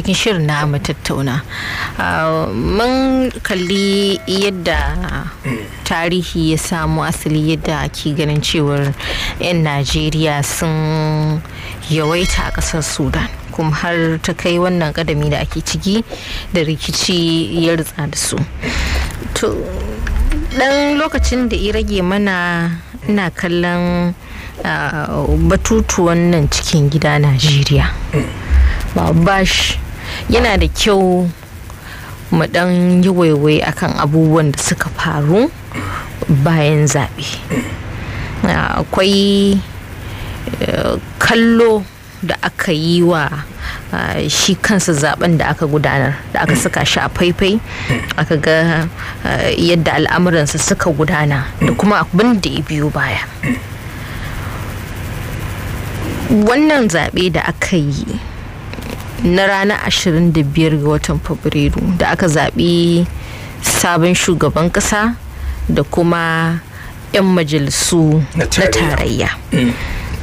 cikin shirin na mu tattauna ah, mun kalli yadda tarihi ya samu asali yadda ake ganin cewar 'yan najeriya sun yawaita a ƙasar sudan kuma har ta kai wannan kadami da ake ciki da rikici ya ritsa da su to dan lokacin da ya rage mana ina kallon ah, batutuwan nan cikin gida najeriya ba bashi yana da kyau mu dan yi waiwai akan abubuwan da suka faru bayan zaɓe akwai eh, kallo da aka yi wa eh, shi kansa zaben da aka gudanar da aka saka shi a faifai aka ga eh, yadda al'amuransa suka gudana da kuma abin da ya biyo baya wannan zaɓe da aka yi na ranar 25 ga watan fabrairu da aka zaɓi sabon shugaban ƙasa da kuma 'yan majalisu na tarayya mm.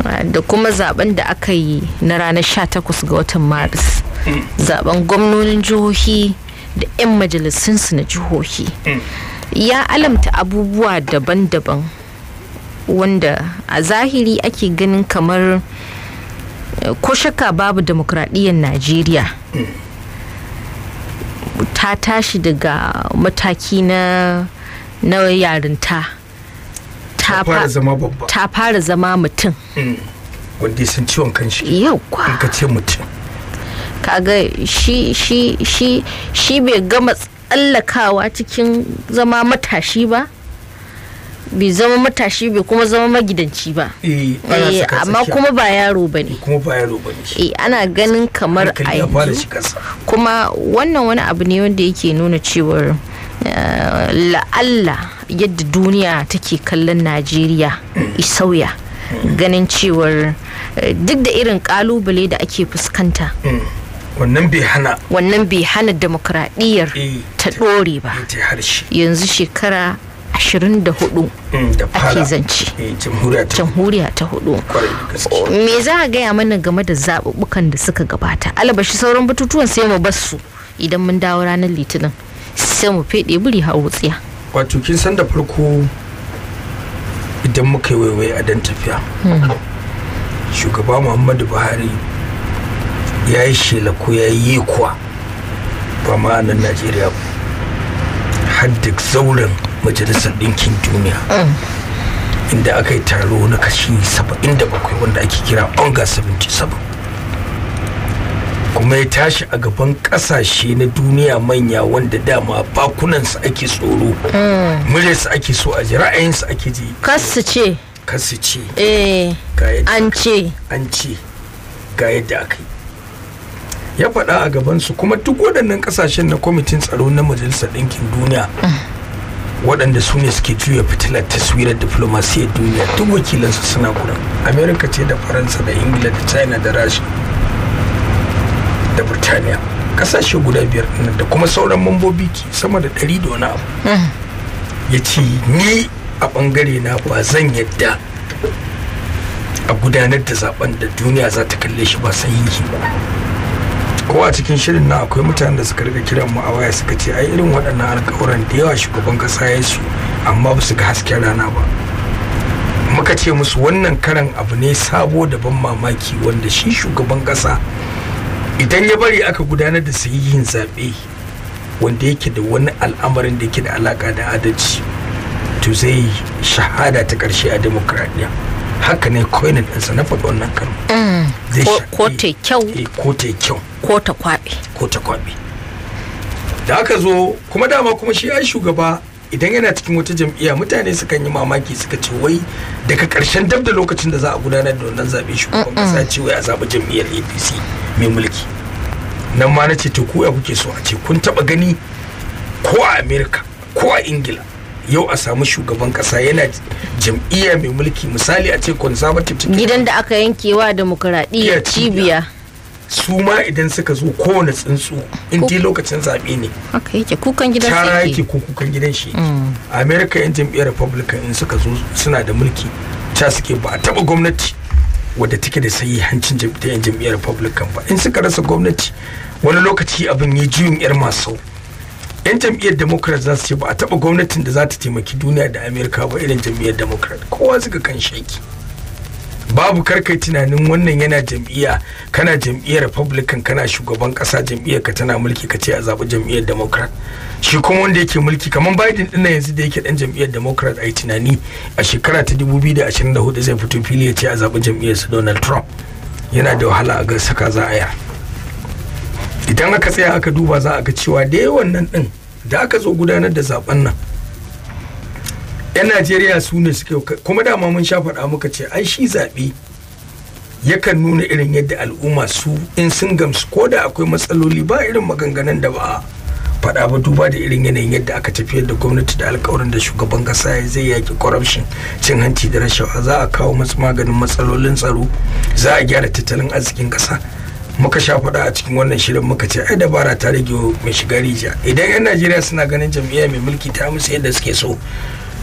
ah, da kuma zaben da aka yi na ranar 18 ga watan maris mm. zaben gwamnonin jihohi da 'yan majalisunsu na jihohi mm. ya alamta abubuwa daban-daban wanda a zahiri ake ganin kamar ko shakka babu demokradiyyar najeriya ta tashi daga mataki na na yarinta ta fara zama mutum hmm. wanda ya san ciwon kanshi yau kwa ka ce mutum kaga shi shi shi shi bai gama tsallakawa cikin zama matashi ba bai zama matashi bai kuma zama magidanci ba eh, eh, amma kuma ba yaro ba ne eh, ana ganin kamar a kuma wannan wani abu ne wanda yake nuna cewar la'alla yadda duniya take kallon najeriya sauya ganin cewar duk da irin kalubale da ake fuskanta mm. wannan bai hana wannan bai hana demokradiyyar ta dore ba yanzu shekara 24 mm, ake zance eh, jamhuriya ta hudu me za a gaya mana game da zaɓuɓɓukan da suka gabata alabashi sauran batutuwan sai mu basu idan mun dawo ranar litinin sai mu feɗe buri har wutsiya wato kin san da farko idan muka yi waiwai a dan tafiya hmm. shugaba muhammadu buhari ya yi shela ko ya yi kuwa ba ma'anar najeriya har duk zauren majalisar ɗinkin duniya mm. inda aka yi taro na kashi 77 wanda ake kira onga 77 kuma ya tashi a gaban ƙasashe na duniya manya wanda dama bakunansu ake tsoro mm. su ake so a ji ra'ayinsu ake ji kasu ce kasu ce eh, an ce an ce ga yadda aka yi ya faɗa a gabansu kuma duk waɗannan ƙasashen na kwamitin tsaro na majalisar ɗinkin duniya mm. waɗanda su ne suke juya fitilar taswirar diflomasiyyar duniya duk wakilansu suna gudan amerika ce da faransa da ingila da china da rasha da burtaniya ƙasashe guda biyar da kuma sauran mambobi ke sama da ɗari da wani abu ya ce ni a ɓangare na ba zan yadda a gudanar da zaben da duniya za ta kalle shi ba sai sahihi ba ko a cikin shirin na akwai mutanen da suka riga kiran mu a waya suka ce ai irin waɗannan alƙawuran da yawa shugaban ƙasa ya su amma ba su ga hasken rana ba muka ce musu wannan karan abu ne sabo da ban mamaki wanda shi shugaban ƙasa idan ya bari aka gudanar da su yin zaɓe wanda yake da wani al'amarin da yake da alaƙa da adalci to zai shahada ta ƙarshe a demokradiyya haka ne na ɗansa na faɗi wannan karo mm. ko ta kyau eh, ko ta kyau ko ta kwaɓe ko ta kwaɓe da aka zo kuma dama kuma shi ai shugaba idan yana cikin wata jam'iyya mutane sukan yi mamaki suka ce wai daga karshen dab da lokacin da za a gudanar da wannan zaɓe shugaban kasa ce wai a zaɓi jam'iyyar apc mai mulki nan ma na ce to ku ya kuke so a ce kun taɓa gani ko a amerika ko a ingila yau a samu shugaban kasa yana jam'iyya mai mulki misali a ce conservative gidan da aka yanke wa demokuraɗiyya cibiya su ma idan suka zo kowane tsuntsu in dai lokacin zaɓe ne gidan tara yake ko kukan gidan shi mm. america yan jam'iyyar republican in suka zo suna da mulki ta suke ba a taɓa gwamnati wadda take da sayi hancin ta yan jam'iyyar republican ba in suka rasa gwamnati wani lokaci abin ya juyin yar masu yan jam'iyyar democrat za su ce ba a taba gwamnatin da za ta taimaki duniya da amerika ba irin jam'iyyar democrat kowa suka kan shaki babu karkai tunanin wannan yana jam'iyya kana jam'iyyar republican kana shugaban kasa jam'iyyar ka tana mulki ka ce a zaɓi jam'iyyar democrat shi kuma wanda yake mulki kamar biden dinnan yanzu da yake dan jam'iyyar democrat a yi tunani a shekara ta 2024 zai fito fili ya ce a zaɓi jam'iyyar su donald trump yana da wahala a ga saka za a yi idan aka tsaya aka duba za a ga cewa da yawan nan din da aka zo gudanar da zaben nan 'yan najeriya su ne suke kuma dama mun sha faɗa muka ce ai shi zaɓe yakan nuna irin yadda al'umma su in sun gamsu ko da akwai matsaloli ba irin maganganun da ba a faɗa ba duba da irin yanayin yadda aka tafiyar da gwamnati da alkawarin da shugaban kasa ya zai yaki corruption cin hanci da rashawa za a kawo masu maganin matsalolin tsaro za a gyara tattalin arzikin ƙasa. muka sha faɗa a cikin wannan shirin muka ce ai dabara ta rage mai shiga rija idan 'yan najeriya suna ganin jam'iyya mai mulki ta musu yadda suke so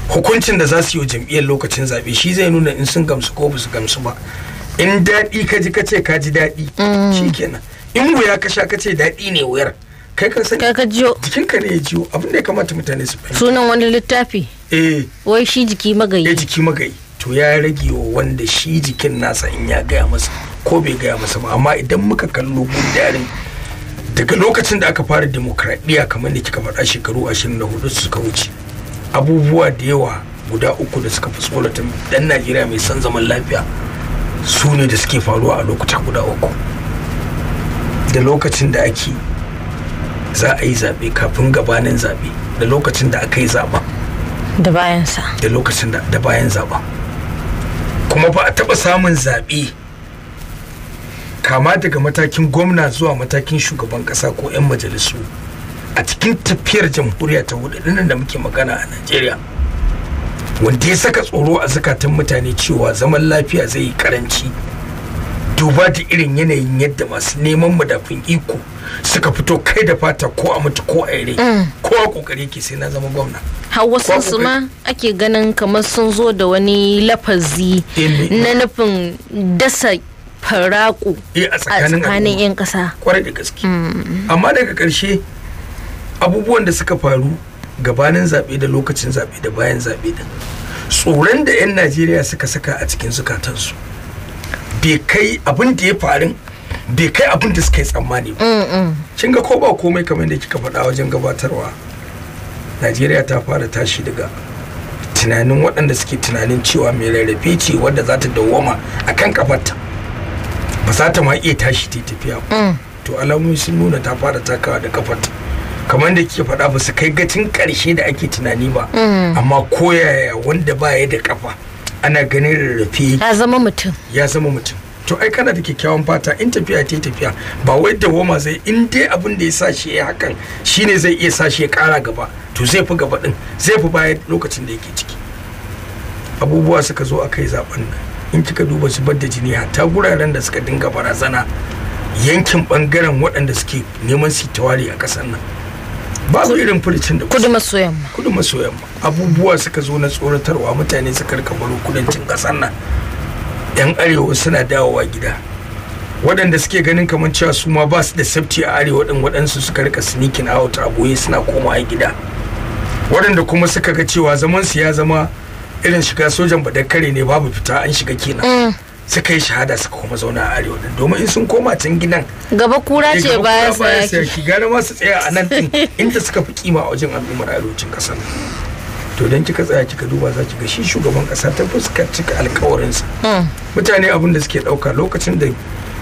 hukuncin da za su yi wa jam'iyyar lokacin zaɓe shi zai nuna in sun gamsu ko ba su gamsu ba in daɗi ka ji ka ce ka ji daɗi mm. kenan in wuya ka sha ka ce daɗi ne wuyar kai ka sani ka jiyo jikin ka ne ya jiyo abin da ya kamata mutane su fahimta sunan wani littafi eh wai shi jiki magayi eh jiki magayi to ya rage wa wanda shi jikin nasa in ya gaya masa ko bai gaya masa ba amma idan muka kallo gundarin daga lokacin da aka fara demokradiyya kamar da kika faɗa shekaru 24 suka wuce abubuwa da yawa guda uku da suka fi tun dan najeriya mai son zaman lafiya su ne da suke faruwa a lokuta guda uku da lokacin da ake za a yi zaɓe kafin gabanin zaɓe da lokacin da aka yi zaɓa da bayan sa. da lokacin da bayan zaɓa kuma ba a taɓa samun zaɓe kama daga matakin gwamna zuwa matakin shugaban ƙasa ko 'yan majalisu a cikin tafiyar jamhuriya ta hudu nan da muke magana a najeriya wanda ya saka tsoro a zukatan mutane cewa zaman lafiya zai yi karanci duba da irin yanayin yadda masu neman madafin iko suka fito kai da fata ko a mutu ko a yare mm. ko a kokari ke sai na zama gwamna hawa sun su ma ake ganin kamar sun zo da wani lafazi eh, na nufin dasa faraku eh, a tsakanin 'yan kasa kwarai da gaske mm. amma daga karshe abubuwan da suka faru gabanin zaɓe da lokacin zaɓe da bayan zaɓe da tsoron da 'yan najeriya suka saka a cikin zukatansu bai kai abin da ya farin bai kai abin da suka yi tsammani ba mm, mm. kin ga ko ba komai kamar da kika faɗa wajen gabatarwa najeriya ta fara tashi daga tunanin waɗanda suke tunanin cewa mai rarrafe ce wadda za ta dawwama a kan kafarta ba za ta ma iya tashi ta tafiya ba mm. to alamomi sun nuna ta fara takawa da kafarta kamar da kike faɗa ba su kai gacin ƙarshe da ake tunani ba amma koyaya wanda ba ya da kafa ana ganin rarrafe ya zama mutum ya zama mutum to ai kana da kyakkyawan fata in tafiya ta tafiya ba wai da woma zai in dai abin da ya sa shi ya hakan shine zai iya sa shi ya kara gaba to zai fi gaba din zai fi bayan lokacin da yake ciki abubuwa suka zo a kai zaben nan in kika duba zubar da jini hatta guraren da suka dinga barazana yankin bangaren waɗanda suke neman su tawari a ƙasar nan babu irin furucin da kudu maso yamma kudu maso yamma abubuwa suka zo na tsoratarwa mutane suka rika baro kudancin kasar nan yan arewa suna dawowa gida waɗanda suke ganin kamar cewa su ma ba su da safety a arewa din waɗansu suka rika sneaking out a boye suna komawa gida waɗanda kuma suka ga cewa zaman su ya zama irin shiga sojan ba da kare ne babu fita an shiga kenan mm. suka yi shahada suka kuma zauna a arewa nan domin in sun koma can gidan gaba kura ce baya sayaki gara ma su tsaya a nan din inda suka fi kima a wajen al'ummar arewacin kasar to dan kika tsaya kika duba za ki ga shi shugaban kasa ta fuskar cika alkawarinsa hmm. mutane abin da suke dauka lokacin da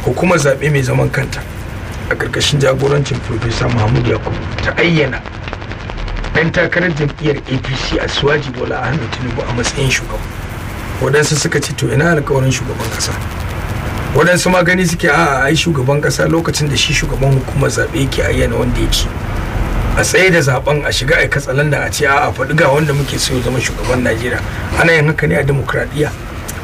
hukumar zaɓe mai zaman kanta a ƙarƙashin jagorancin profesa mahmud yakub ta ayyana ɗan takarar jam'iyyar apc a suwaji bola ahmed tinubu a matsayin shugaba waɗansu suka ce to ina alkawarin shugaban ƙasa waɗansu ma gani suke a ai shugaban ƙasa lokacin da shi shugaban hukumar zaɓe ke ayyana wanda ya ci a tsaye da zaben a shiga a da a ce a faɗi ga wanda muke so zama shugaban najeriya ana yin haka ne a demokradiyya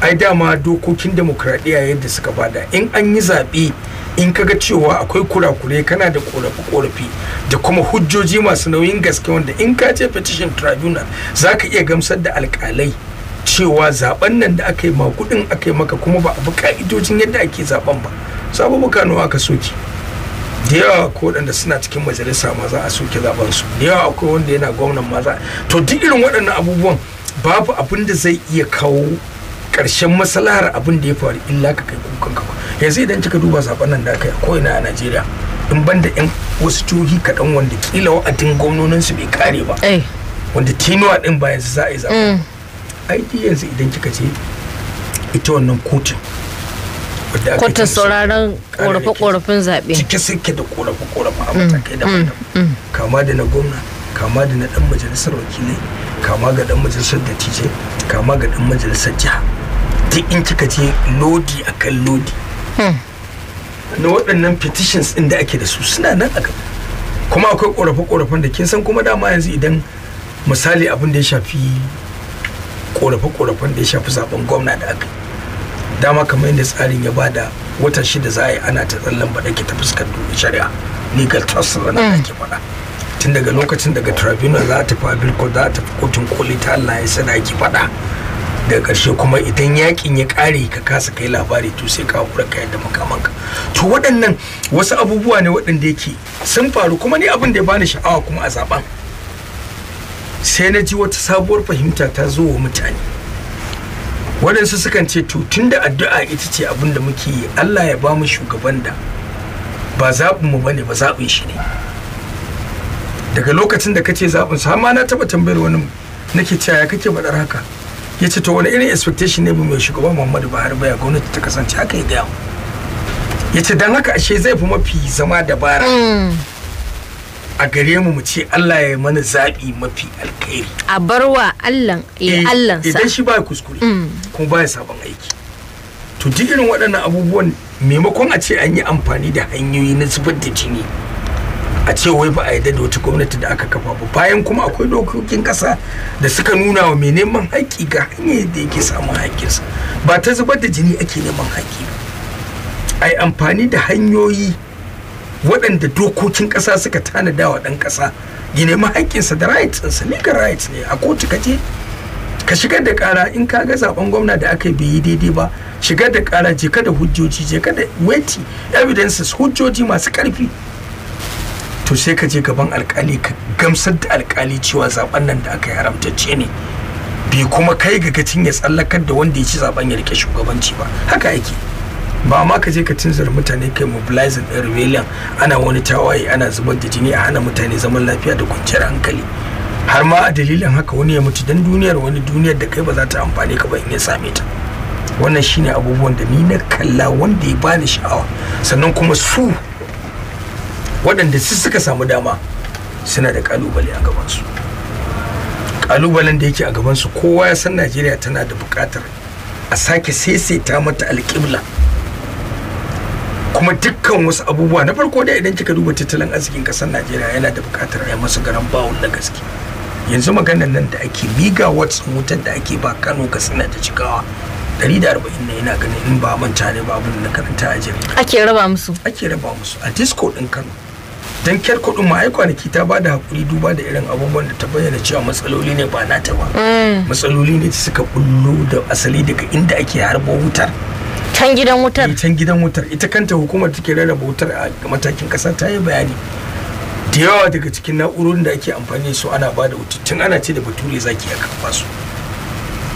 ai dama dokokin demokradiyya yadda suka bada in an yi zaɓe in kaga cewa akwai kurakure kana da korafi-korafi da kuma hujjoji masu nauyin gaske wanda in ka je petition tribunal za ka iya gamsar da alkalai cewa zaben nan da aka yi kudin aka yi maka kuma ba a bi ka'idojin yadda ake zaben ba sabu bukano aka soke da yawa ko waɗanda suna cikin majalisa ma za a soke zaben su da yawa akwai wanda yana gwamnan ma za to duk irin waɗannan abubuwan babu abin da zai iya kawo ƙarshen maslahar abin da ya faru illa ka kai kukan ka yanzu idan kika duba zaben nan da aka yi ko ina a Najeriya in banda yan wasu jihohi kaɗan wanda kila wa'adin gwamnonin su bai kare ba eh. wanda tinuwa ɗin ba yanzu za a yi zaben aiki yanzu idan kika ce ita wannan kotun kotun sauraron ƙorafe-ƙorafen zaɓe cike suke da ƙorafe-ƙorafe a mm, matakai mm, da mm. kama da na gwamna kama da na ɗan majalisar wakilai kama ga ɗan majalisar dattijai kama ga ɗan majalisar jiha duk in kika ce lodi akan lodi hmm. na waɗannan petitions ɗin da ake da su suna nan a gaba kuma akwai ƙorafe-ƙorafen da kin san kuma dama yanzu idan misali abin da ya shafi korafe-korafen da ya shafi zaben gwamna da aka dama kamar yadda tsarin ya bada wata shida za a yi ana ta tsallan baɗa ke ta fuskar shari'a legal trust na ake faɗa tun daga lokacin daga tribunal za ta fi ko za ta fi kotun koli ta Allah ya sana ake faɗa Da ƙarshe kuma idan yakin ya ƙare ka kasa kai labari to sai ka kayan da makaman ka to waɗannan wasu abubuwa ne waɗanda yake sun faru kuma ni abin da ya bani sha'awa kuma a zaben sai na ji wata sabuwar fahimta ta zo wa mutane waɗansu sukan ce to tun da addu'a ita ce abin da muke yi allah ya ba mu shugaban da ba zaɓinmu ba ne ba zaɓin shi ne daga lokacin da kace zaɓin su ma na taɓa tambayar wani nake cewa ya kake faɗar haka ya to wani irin expectation ne mai shugaban muhammadu buhari ya gwamnati ta kasance haka ya gaya ya ce don haka ashe zai fi mafi zama dabara mm. a gare mu mu ce Allah ya mana zaɓi mafi alkhairi a barwa Allah ya eh, eh, Allah sa idan shi ba ya kuskure mm. kuma ba ya sabon aiki to duk irin waɗannan abubuwan maimakon a ce an yi amfani da hanyoyi na zubar da jini a ce wai ba a yi da wata gwamnati da aka kafa ba bayan kuma akwai dokokin ƙasa da suka nuna wa mai neman haƙƙi ga hanyar da yake samun haƙƙinsa ba ta zubar da jini ake neman haƙƙi ba a yi amfani da hanyoyi waɗanda dokokin ƙasa suka tanada wa ɗan ƙasa ya nemi haƙƙinsa da rights legal rights ne a kotu ka je ka shigar da ƙara in ka ga zaɓen gwamna da aka yi daidai ba shigar da ƙara je ka da hujjoji je ka da weti evidences hujjoji masu ƙarfi to sai ka je gaban alkali ka gamsar da alkali cewa zaɓen nan da aka yi haramtacce ne bai kuma kai ga gacin ya tsallakar da wanda ya ci zaben ya rike shugabanci ba haka yake ba ma ka je ka tunzura mutane kai mobilizing ɗin rebellion ana wani tawaye ana zubar da jini a hana mutane zaman lafiya da kwanciyar hankali har ma a dalilin haka wani ya mutu don duniyar wani duniyar da kai ba za ta amfani ka ba in ya same ta wannan shine abubuwan da ni na kalla wanda ya bani sha'awa sannan kuma su waɗanda su suka samu dama suna da kalubale a gabansu kalubalen da yake a gabansu kowa ya san najeriya tana da buƙatar a sake saisaita mata alƙibla kuma dukkan wasu abubuwa na farko da idan kika duba tattalin arzikin kasar najeriya yana da bukatar a masu garan bawon na gaske yanzu maganar nan da ake miga watts wutar da ake ba kano suna da cikawa 140 ne yana ganin in ba manta ne ba abin da karanta a jarida ake raba musu ake raba musu a disco din kano dan kyar kuɗin ma ai kwanaki ta ba da hakuri duba da irin abubuwan da ta bayyana cewa matsaloli ne ba nata ba mm. matsaloli ne da suka bullo da asali daga inda ake harbo wutar can gidan wutar eh, can gidan wutar ita kanta hukumar take rarraba wutar a matakin kasa ta yi bayani da yawa daga cikin na'urorin da ake amfani su ana bada wuta tun ana ce da bature zaki a kafa su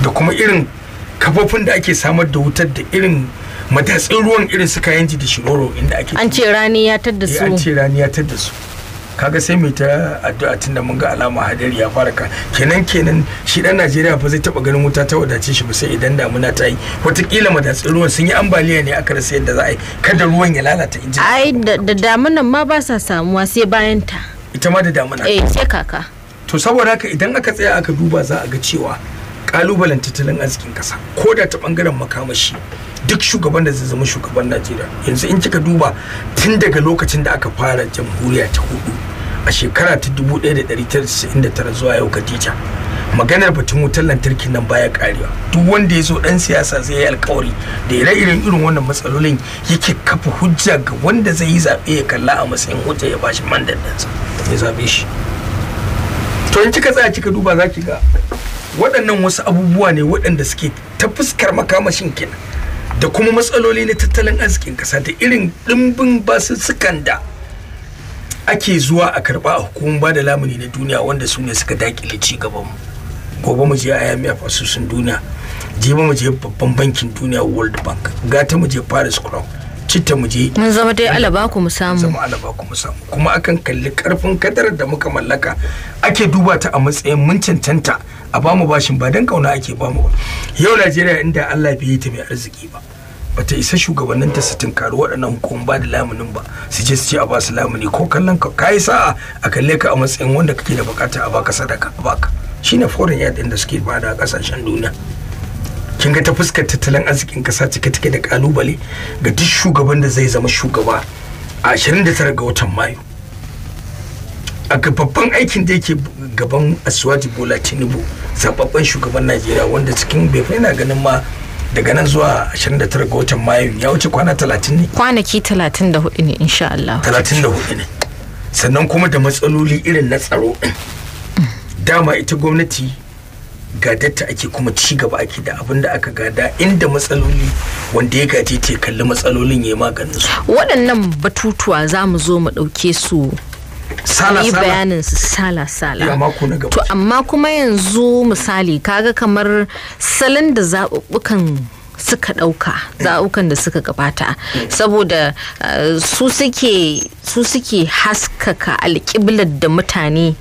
da kuma irin kafofin da ake samar da wutar da irin matatsin ruwan irin su kayan ji da shiroro inda ake an ce rani ya tadda eh, an ce rani ya tadda su kaga sai mai ta addu'a tun da mun ga alama hadari ya fara ka kenan kenan shi dan Najeriya ba zai taba ganin wuta ta wadace shi ba sai idan damuna ta yi watakila madatsin ruwan sun yi ambaliya ne aka rasa yadda za a yi kada ruwan ya lalata injin ai da damunan ma ba sa samuwa sai bayan ta ita ma da damuna eh sai kaka to saboda haka idan aka tsaya aka duba za a ga cewa kalubalen tattalin arzikin kasa ko da ta bangaren makamashi duk shugaban da zai zama shugaban najeriya yanzu in kika duba tun daga lokacin da aka fara jamhuriya ta hudu a shekara ta 1999 zuwa yau kadija maganar batun wutar lantarki nan baya karewa duk wanda ya zo dan siyasa zai yi alkawari da ire irin irin wannan matsalolin yake kafa hujja ga wanda zai yi zaɓe ya kalla a matsayin hujja ya bashi mandan ɗansa ya zaɓe shi to in kika tsaya kika duba za ki ga waɗannan wasu abubuwa ne waɗanda suke ta fuskar makamashin kenan da kuma matsaloli na tattalin arzikin kasa da irin dimbin ɗimbin basussukan da ake zuwa a karba a hukumar ba da lamuni na duniya wanda su ne suka dakile ci gaban gobe mu je a asusun duniya je ba mu je babban bankin duniya World Bank gata mu je Paris Crown citta mu je mun zama dai alaba ku mu samu zama alaba ku mu samu kuma akan kalli karfin kadarar da muka mallaka ake duba ta a matsayin mun cancanta a bamu bashin ba dan kauna ake bamu ba yau Najeriya inda Allah bai yi ta mai arziki ba bata isa shugabanninta su tunkari waɗannan hukumar ba da lamunin ba su je su ce a ba su lamuni ko kallon ka kai sa'a a kalle ka a matsayin wanda kake da bukata a baka sadaka a baka shine foreign aid da suke bada a kasashen duniya kin ga ta fuskar tattalin arzikin kasa cike take da kalubale ga duk shugaban da zai zama shugaba a 29 ga watan mayu a babban aikin da yake gaban aswaji bola tinubu zaɓaɓɓen shugaban najeriya wanda cikin bai ganin ma daga nan zuwa 29 ga watan mayu ya wuce kwana 30 ne kwanaki 34 ne insha Allah 34 ne sannan kuma da matsaloli irin na tsaro dama ita gwamnati gadatta ake kuma ci gaba ake da abin da aka gada inda matsaloli wanda ya gaje te kalli matsalolin ya yi maganin su waɗannan batutuwa za mu zo mu ɗauke su sala sala bayanin su sala sala to amma kuma yanzu misali kaga kamar salon da zaɓuɓɓukan suka ɗauka eh. zaɓuɓɓukan da suka gabata saboda eh, su suke haskaka alƙiblar da mutane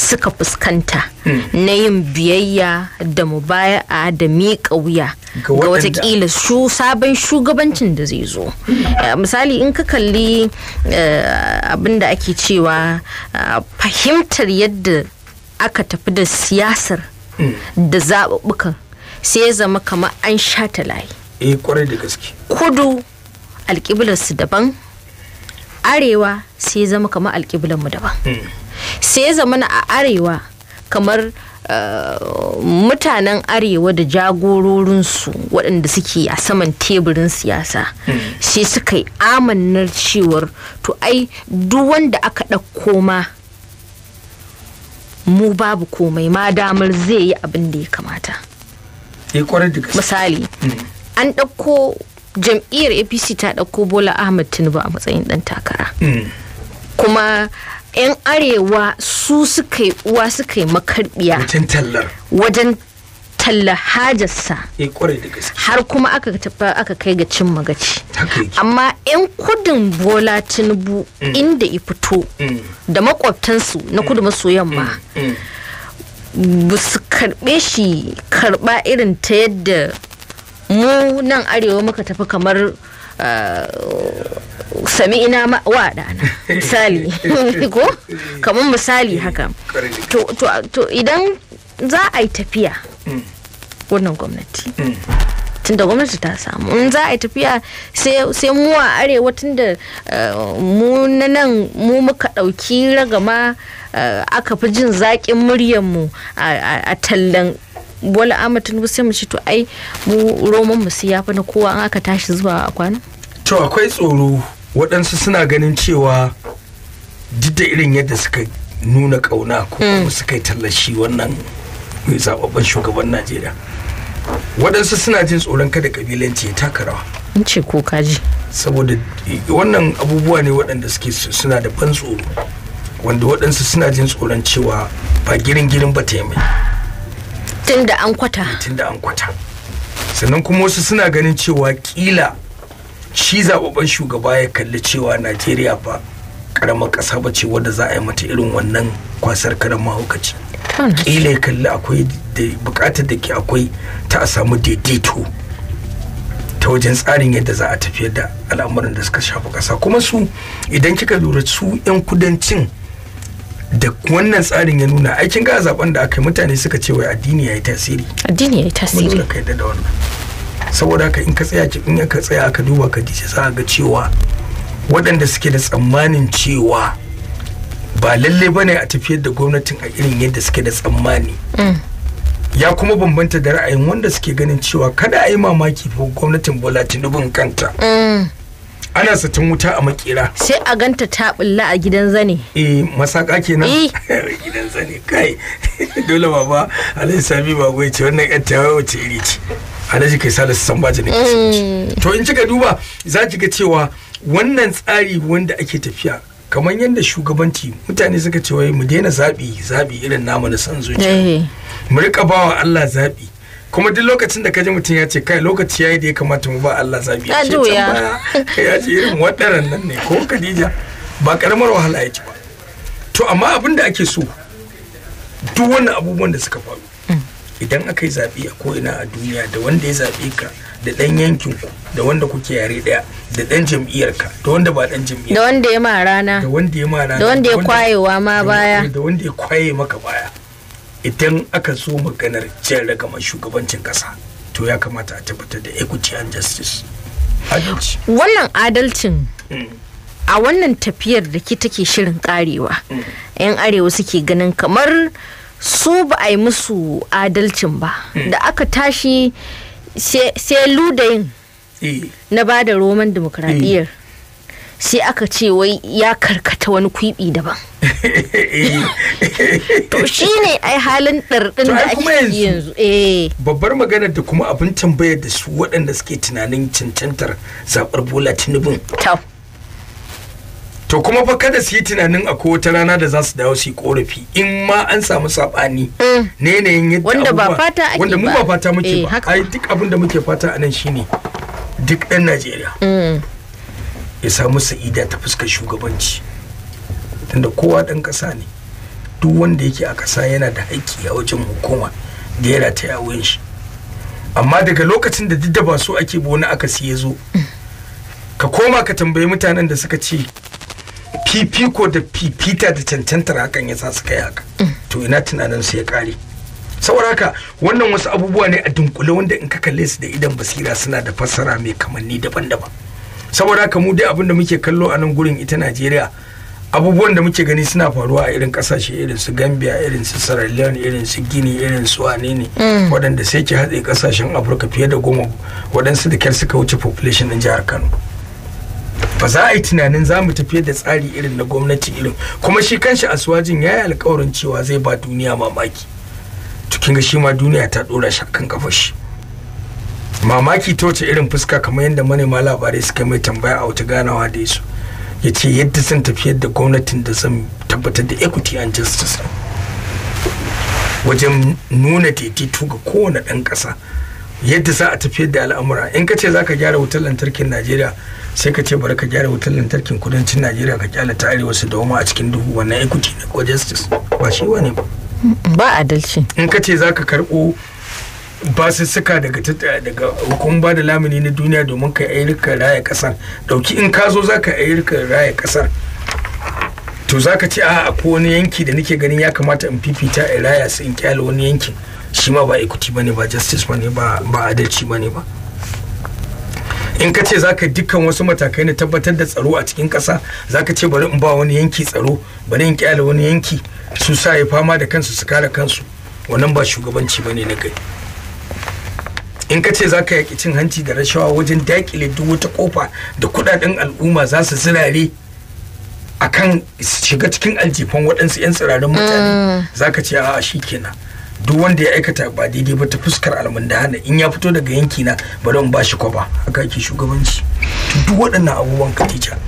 suka fuskanta hmm. na yin biyayya da mubaya'a da miƙa wuya ga watakila shu sabon shugabancin da zai zo hmm. eh, misali in ka kalli eh, abinda ake cewa eh, fahimtar yadda aka tafi da siyasar hmm. da zaɓuɓɓukan sai ya zama kamar an sha ta layi eh kwarai da kudu alƙiblarsu daban arewa sai ya zama kamar alƙiblarmu daban sai ya zamana a arewa kamar eh, mutanen arewa da jagororinsu waɗanda suke a saman teburin siyasa hmm. sai suka yi amannar cewar to ai duk wanda aka ɗauko ma mu babu komai ma damar zai yi abin da ya kamata eh, misali hmm. an ɗauko jam'iyyar apc ta ɗauko bola ahmad tinubu a matsayin ɗan takara hmm. kuma 'yan arewa su suka yi uwa suka yi makarbiya wajen tallar wajen talla hajarsa eh, har kuma aka aka kai ga cin magaci amma 'yan kudin bola tinubu mm. inda ya fito mm. da makwabtansu na mm. kudu maso yamma ba su karbe shi karba irin ta yadda mu nan arewa muka tafi kamar Uh, sami'ina ina wa ɗana misali ko kamar misali haka to idan za a yi tafiya mm. wannan gwamnati mm. tun da gwamnati ta samu in za a yi tafiya sai mu a arewa tun da uh, mu na nan mu muka ɗauki ragama uh, aka fi jin zaƙin muryarmu a tallan wala amatin sai mu ci to ai mu roman mu sai ya fi na kowa an aka tashi zuwa a kwana to akwai tsoro waɗansu suna ganin cewa duk da irin yadda suka nuna ƙauna ko kuma hmm. suka yi tallashi wannan mai zababben shugaban najeriya waɗansu suna jin tsoron kada ƙabilanci ya taka rawa in ce ko kaji saboda wannan abubuwa ne waɗanda suke suna da ban tsoro wanda waɗansu suna jin tsoron cewa ba girin girin ba ta mai tun da an kwata tun da an kwata sannan kuma wasu suna ganin cewa kila shi zababban shugaba ya kalli cewa najeriya ba karamar ƙasa ba ce wadda za a yi mata irin wannan kwasar karan mahaukaci hmm. ƙila ya kalli akwai da buƙatar da ke akwai ta a samu daidaito ta wajen tsarin yadda za a tafiyar da al'amuran da suka shafi ƙasa kuma su idan kika lura su 'yan kudancin da wannan tsarin ya nuna aikin ga zaben da aka yi mutane suka ce wai addini ya yi tasiri addini ya yi tasiri saboda haka in ka tsaya in ka tsaya ka duba ka dice za ga cewa waɗanda suke da tsammanin cewa ba lalle ba ne a tafiyar da gwamnatin a irin yadda suke da tsammani mm. ya kuma bambanta da ra'ayin wanda suke ganin cewa kada a yi mamaki ko gwamnatin bola tinubun kanta mm. ana satin wuta a makera sai a ganta ta bulla a gidan zane eh masaka kenan eh. gidan zane kai dole baba alai sami ba ce wannan yan tawaye wace iri ce alhaji kai salisu sambaji ne mm. to in kika duba za ki ga cewa wannan tsari wanda ake tafiya kamar yadda shugabanci mutane suka ce wai mu daina zabi zabi irin namu na san zuciya eh. mu rika bawa Allah zabi kuma duk lokacin da kaji mutum ya ce kai lokaci yayi da ya kamata mu ba Allah zaɓi ya ce can baya ya ce irin waɗannan nan ne ko Khadija ba karamar wahala yake ba to amma abin da ake so duk wannan abubuwan da suka faru idan aka yi zaɓe a ko'ina a duniya da wanda ya zaɓe ka da ɗan ku da wanda kuke yare ɗaya da ɗan ka da wanda ba ɗan jam'iyyar da wanda ya ma rana da wanda ya ma rana da wanda ya kwayewa ma baya da wanda ya kwaye maka baya idan aka so maganar jan ragaman shugabancin ƙasa to ya kamata a tabbatar da equity and justice adalci wannan adalcin mm. a wannan tafiyar da ke take shirin karewa 'yan mm. arewa suke ganin kamar su ba a yi musu adalcin ba hmm. da aka tashi sai ludayin eh. na ba da roman demokradiyyar hmm. sai aka ce wai ya karkata wani kwibi daban eh. to shi ne ai halin ɗarɗin da ake yanzu eh. babbar magana da kuma abin tambayar da su waɗanda suke tunanin cancantar zaɓar bola tinubun to kuma fa kada su yi tunanin a wata rana da za su dawo su yi korafi in ma an samu sabani mm. ne yanayin yadda wanda ba fata ake wanda mu ba fata muke eh, ba ai duk abin da muke fata a nan shine duk ɗan Najeriya mm. ya samu sa'ida ta fuskar shugabanci tunda kowa ɗan ƙasa ne duk wanda yake a ƙasa yana da haƙƙi a wajen hukuma da yana ta yawon shi amma daga lokacin da duk da ba so ake ba wani aka ya zo ka koma ka tambayi mutanen da suka ce fifiko da fifita da cancantar hakan ya sa su kai haka to ina tunanin su ya kare saboda haka wannan wasu abubuwa ne a dunkule wanda in ka kalle su da idan basira suna da fassara mai kamanni daban-daban saboda haka mu dai abin da muke kallo a nan gurin ita Najeriya abubuwan da muke gani suna faruwa a irin kasashe irin su Gambia irin su Sierra Leone irin su Guinea irin su wane mm. waɗanda sai ke hatsi kasashen Afirka fiye da goma waɗansu da kyar suka wuce population na jihar Kano ba za a yi tunanin za mu tafiyar da tsari irin na gwamnati irin kuma shi kanshi asuwajin ya yi alkawarin cewa zai ba duniya mamaki tukin ga shi ma duniya ta dora shi kan shi mamaki ta wace irin fuska kamar yadda manema labarai suka mai tambaya a wata ganawa da yasu ya ce yadda zan tafiyar da gwamnatin da zan tabbatar da equity and justice wajen nuna daidaito ga kowane ɗan ƙasa yadda za a tafiyar da al'amura in ka ce za ka gyara wutar lantarkin najeriya sai ka ce bari ka gyara wutar lantarkin kudancin najeriya ka gyara ta arewa su dawoma a cikin duhu wannan equity ne ko justice ba shi ne ba ba adalci in ka ce za ka karɓo basussuka daga daga hukumar ba da lamuni na duniya domin ka ayyukan raya kasar dauki in ka zo za ka ayyukan raya kasar to za ka ce a ko wani yanki da nake ganin ya kamata in fifita in raya su in kyale wani yankin shi ma ba equity bane ba justice bane ba ba adalci bane ba in ka ce za dukkan wasu matakai na tabbatar da tsaro a cikin kasa za ka ce bari in ba wani yanki tsaro bari in kyale wani yanki su sa ya fama da kansu su kare kansu wannan ba shugabanci bane na gari in ka ce za ka yaƙi cin hanci da rashawa wajen daƙile duk wata ƙofa da kuɗaɗen al'umma za su zirare a kan shiga cikin aljifan waɗansu 'yan tsirarin mutane mm. za ka ce a'a shi kenan duk wanda ya aikata ba daidai ba ta fuskar hana in ya fito daga yanki na ba don ba shi kwaba haka yake shugabanci duk waɗannan abubuwan katija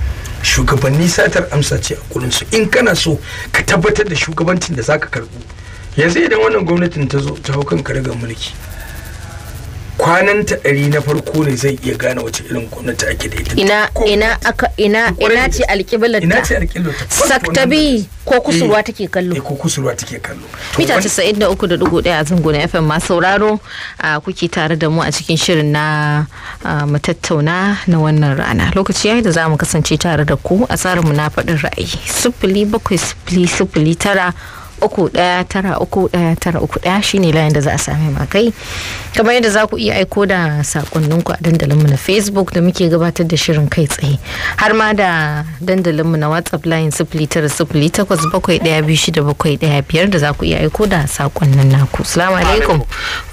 shugabanni satar amsa ce a su in kana so ka tabbatar da shugabancin da zaka karbu yanzu idan wannan gwamnatin ta zo ta hau kan karigar mulki kwanan ta ɗari na farko ne zai iya gane wace irin gwamnati ake da ita ina ina aka ina ina ce alƙiblar ina ce alƙiblar saktabi ko kusurwa take kallo ko kusurwa take kallo mita 93.1 a zangon FM ma sauraro kuke tare da mu a cikin shirin na mu tattauna na wannan rana lokaci yayi da za mu kasance tare da ku a tsarinmu na faɗin ra'ayi Sufuli bakwai sufuli sufuli tara uku ɗaya tara uku ɗaya tara uku ɗaya shine layin da za a same ma kai kamar yadda za ku iya aiko da sakonninku a dandalinmu na facebook da muke gabatar da shirin kai tsaye har ma da dandalinmu na whatsapp layin sifili tara sifili takwas bakwai daya biyu shida bakwai daya biyar da za ku iya aiko da sakonnin naku salamu alaikum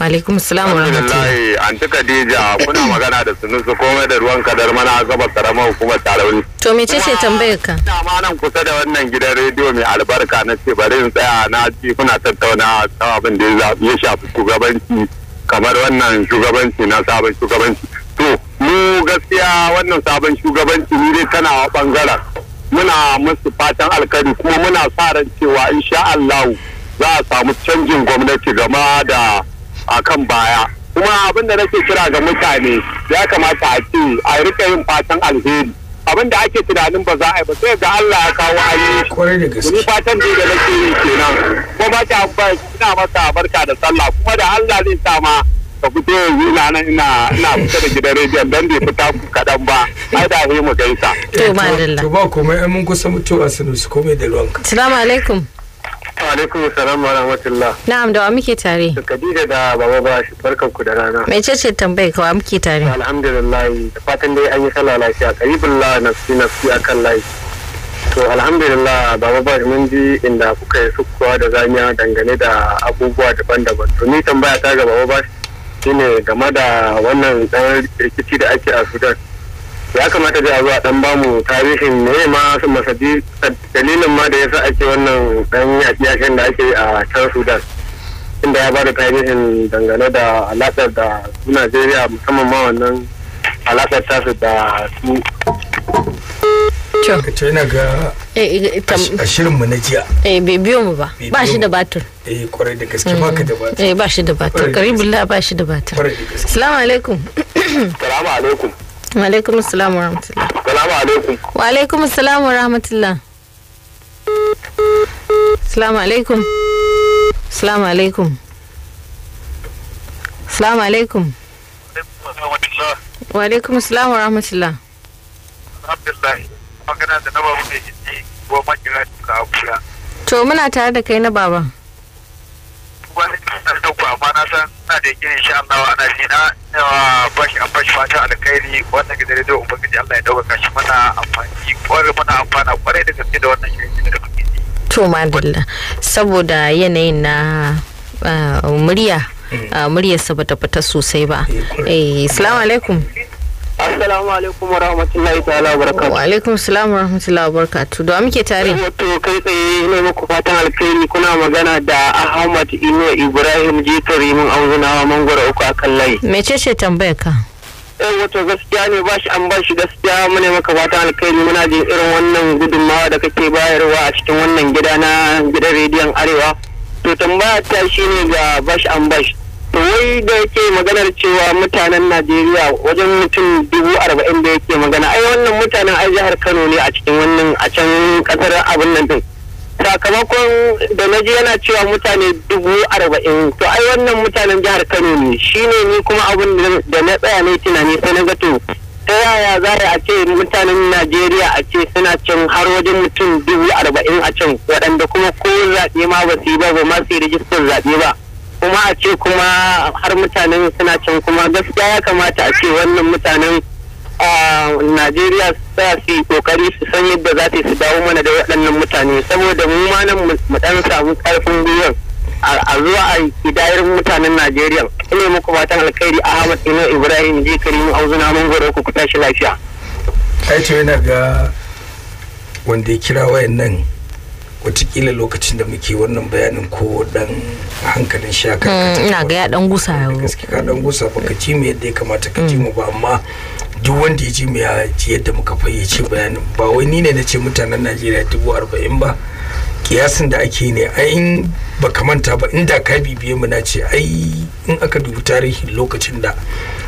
wa alaikum salamu rahmatullahi an tuka dija kuna magana da sunusu komai da ruwan kadar mana gabas karamar hukumar tarawih To mece ce tambayar ka? Ina ma nan kusa da wannan gidan rediyo mai albarka na ce bari in tsaya na ji kuna tattauna abin da ya shafi shugabanci kamar wannan shugabanci na sabon shugabanci. To mu gaskiya wannan sabon shugabanci ni dai tana wa bangaren muna musu fatan alkari kuma muna sa ran cewa insha Allah za a samu canjin gwamnati game da akan baya. Kuma abin da nake kira ga mutane ya kamata a ce a rika yin fatan alheri abin da ake tunanin ba za a yi ba sai ga Allah ya kawo ayi kwarai da gaske ni fatan da da nake yi kenan ko ba ta ba ina masa barka da sallah kuma da Allah zai sa ma ka fito yanzu ina nan ina ina fita da gidan rediyon dan bai fita ku kadan ba ai da mu gaisa to ba komai mun kusa mutuwa sunu su komai da ruwanka assalamu alaikum alaikum salam wa rahmatullah na'am da wa muke tare to kadija da baba ba shi ku da rana me ce ce tambayi ka wa muke tare alhamdulillah da fatan dai an yi sallah lafiya qaribullah nafsi nafsi akan layi to alhamdulillah baba ba mun ji inda kuka yi sukuwa da zanya dangane da abubuwa daban-daban to ni tambaya ta ga baba ba shine game da wannan dan rikici da ake a Sudan ya kamata da a zuwa dan bamu tarihin ne ma su masadi dalilin ma da yasa ake wannan dan yaƙi da ake a can sudan inda ya ba da tarihin dangane da alaƙar da su najeriya musamman ma wannan alaƙar tasu da su to yana ga eh, eh, eh, a shirinmu na jiya eh bai biyo mu ba ba shi da batur eh kwarai da gaske ba ka da mm. batur eh ba shi da batur la ba shi da batur salamu alaikum salamu alaikum wa alaikum assalam wa rahmatullah salamu alaikum wa alaikum assalam wa rahmatullah salamu alaikum salamu alaikum salamu alaikum wa alaikum salamu wa rahmatullah alhamdulillah magana da na babu mai jini ko makira da abuja to muna tare da kai na baba wani da ku amma na san ina da yakin insha Allah ana shi na yawa bashi an bashi fata alkhairi wannan gidan radio ubangiji Allah ya dauka shi mana amfani kwarai mana amfana kwarai da gaske da wannan shirin da kuke ji to madalla saboda yanayin na ah, murya mm. ah, muryarsa bata fita sosai ba eh assalamu eh, alaikum Assalamu alaikum rahmatullahi ta'ala barakatuhu. Wa alaikum rahmatullahi wa barakatuhu. Da muke tare. Wato kai tsaye ne muku fatan alkhairi kuna magana da Ahmad Ino Ibrahim jitori mun auzunawa mangoro uku akan layi. Mecece tambayar ka? Eh wato gaskiya ne bashi an bashi gaskiya mu ne maka fatan alkhairi muna jin irin wannan gudunmawa da kake bayarwa a cikin wannan gida na gidan rediyon Arewa. To tambaya ta shine ga bashi an bashi. wai da yake maganar cewa mutanen najeriya wajen mutum dubu arba'in da yake magana ai wannan mutanen ai jihar kano ne a cikin wannan a can kasar abin nan din sakamakon da na ji yana cewa mutane dubu arba'in to ai wannan mutanen jihar kano ne shine ni kuma abin da na tsaya ne tunani sai na gato ta yaya za a ce mutanen najeriya a ce suna can har wajen mutum dubu arba'in a can waɗanda kuma ko zaɓe ma ba su yi ba ba ma su yi rijistar zaɓe ba kuma a ce kuma har mutanen suna can kuma gaskiya ya kamata a ce wannan mutanen a najeriya sa su yi kokari su san yadda za su dawo mana da waɗannan mutane saboda mu ma nan mu dan samu karfin gwiwan a zuwa a kidayar mutanen najeriya ina muku fatan alkhairi ahmad ino ibrahim je a auzuna mun gore ku ku tashi lafiya kai ce yana ga wanda ya kira wayannan watakila lokacin da muke wannan bayanin ko dan hankalin shakar. Mm, ina ga ya dan gusa ya gaske ka dan gusa ba ka ji mu yadda ya kamata ka ji mm. mu ba amma duk wanda ya ji mu ya ji yadda muka fayyace bayanin ba wai ni ne na ce mutanen Najeriya dubu arba'in ba kiyasin da ake ne ai ba manta ba inda ka bibiye mu na ce ai in aka dubi tarihin lokacin da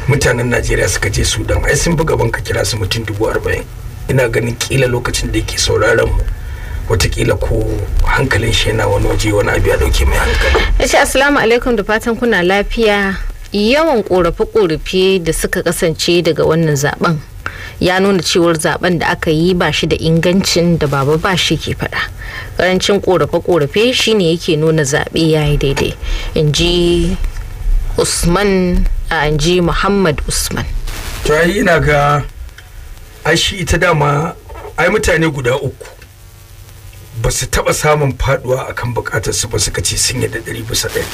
mutanen Najeriya suka je Sudan ai sun bi gaban ka kira su mutum dubu arba'in ina ganin kila lokacin da yake sauraron mu watakila ko hankalin shi yana wani waje wani abu ya dauke mai hankali ya ce assalamu alaikum da fatan kuna lafiya yawan korafe-korafe da suka kasance daga wannan zaben ya nuna cewar zaben da aka yi ba shi da ingancin da baba ba shi ke faɗa karancin korafe-korafe shine yake nuna zaɓe ya yi daidai in ji usman a in ji muhammad usman to ina ga ai shi ita dama ai mutane guda uku ba su taba samun faduwa akan bukatar su ba suka ce sun yadda ɗari bisa ɗari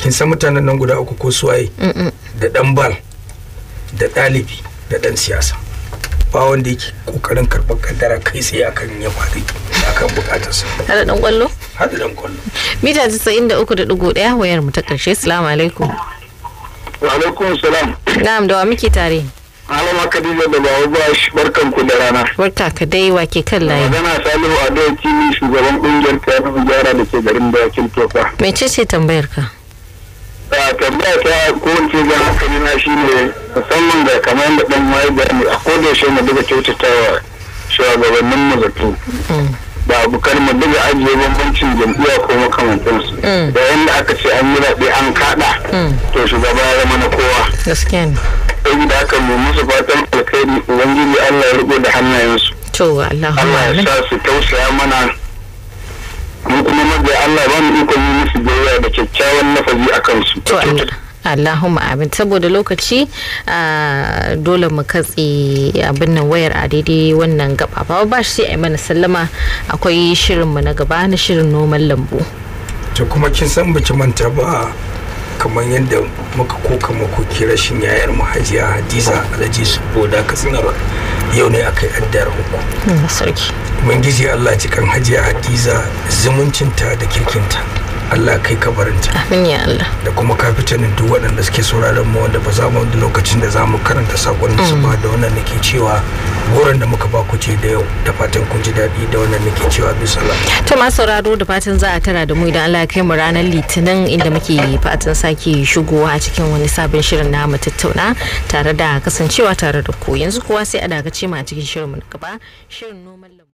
kin san mutanen nan guda uku ko suwaye da ɗan bal da ɗalibi da ɗan siyasa ba wanda yake kokarin karɓar kaddara kai sai akan ya faɗi akan bukatar su. hada dan kwallo hada dan kwallo mita 93.1 wayar mu ta karshe assalamu alaikum wa alaikum salam na'am da wa muke tare Malama Khadija da Bawa bai barkan ku da rana. Warta ka dai wake kan layi. Magana Salihu Ado Kini shugaban kungiyar tsarin gyara da ke garin Bakin Tofa. Mece ce tambayar ka? A tambaya ta ko in ce ga hankali na musamman da kamar da dan mai bayani a koda shi mu duka kyautatawa shugabannin mu zato. Ba mm. abokan mu duka ajiye bambancin jam'iyya ko makamantansu. Mm. Da yanda aka ce an yi raɗe an kaɗa. Mm. To shugaba ya zama na kowa. Gaskiya ne. saboda haka mu musu fatan alkhairi ubangiji Allah ya rubo da hannayensu to Allah ya sa su tausaya mana mu kuma mabiya Allah ba mu iko yi musu biyayya da kyakkyawan nafazi a kansu to Allahumma amin saboda lokaci ah, dole mu katse abin nan wayar a daidai wannan gaba ba ba shi sai a mana sallama akwai shirin mu na gaba na shirin noman lambu to kuma kin san baki manta ba kamar yadda muka ko ko ki rashin yayar mu hadiza alhaji subbo da ka sanarwa yau ne aka yi addar uku ubangiji allah cikan hajiya hadiza zumuncinta da kirkinta Allah kai kabarinta amin ya Allah da kuma ni duk waɗanda suke sauraron mu wanda ba za mu wani lokacin da za mu karanta sakon su ba mm. da wannan nake cewa goron da muka ba ku ce da yau da fatan kun ji daɗi da wannan nake cewa bisala to ma sauraro da fatan za a tara da mu idan Allah ya kai mu ranar litinin inda muke fatan sake shigowa a cikin wani sabon shirin na mu tattauna tare da kasancewa tare da ku yanzu kuwa sai a dakace mu a cikin shirin mu na gaba shirin noman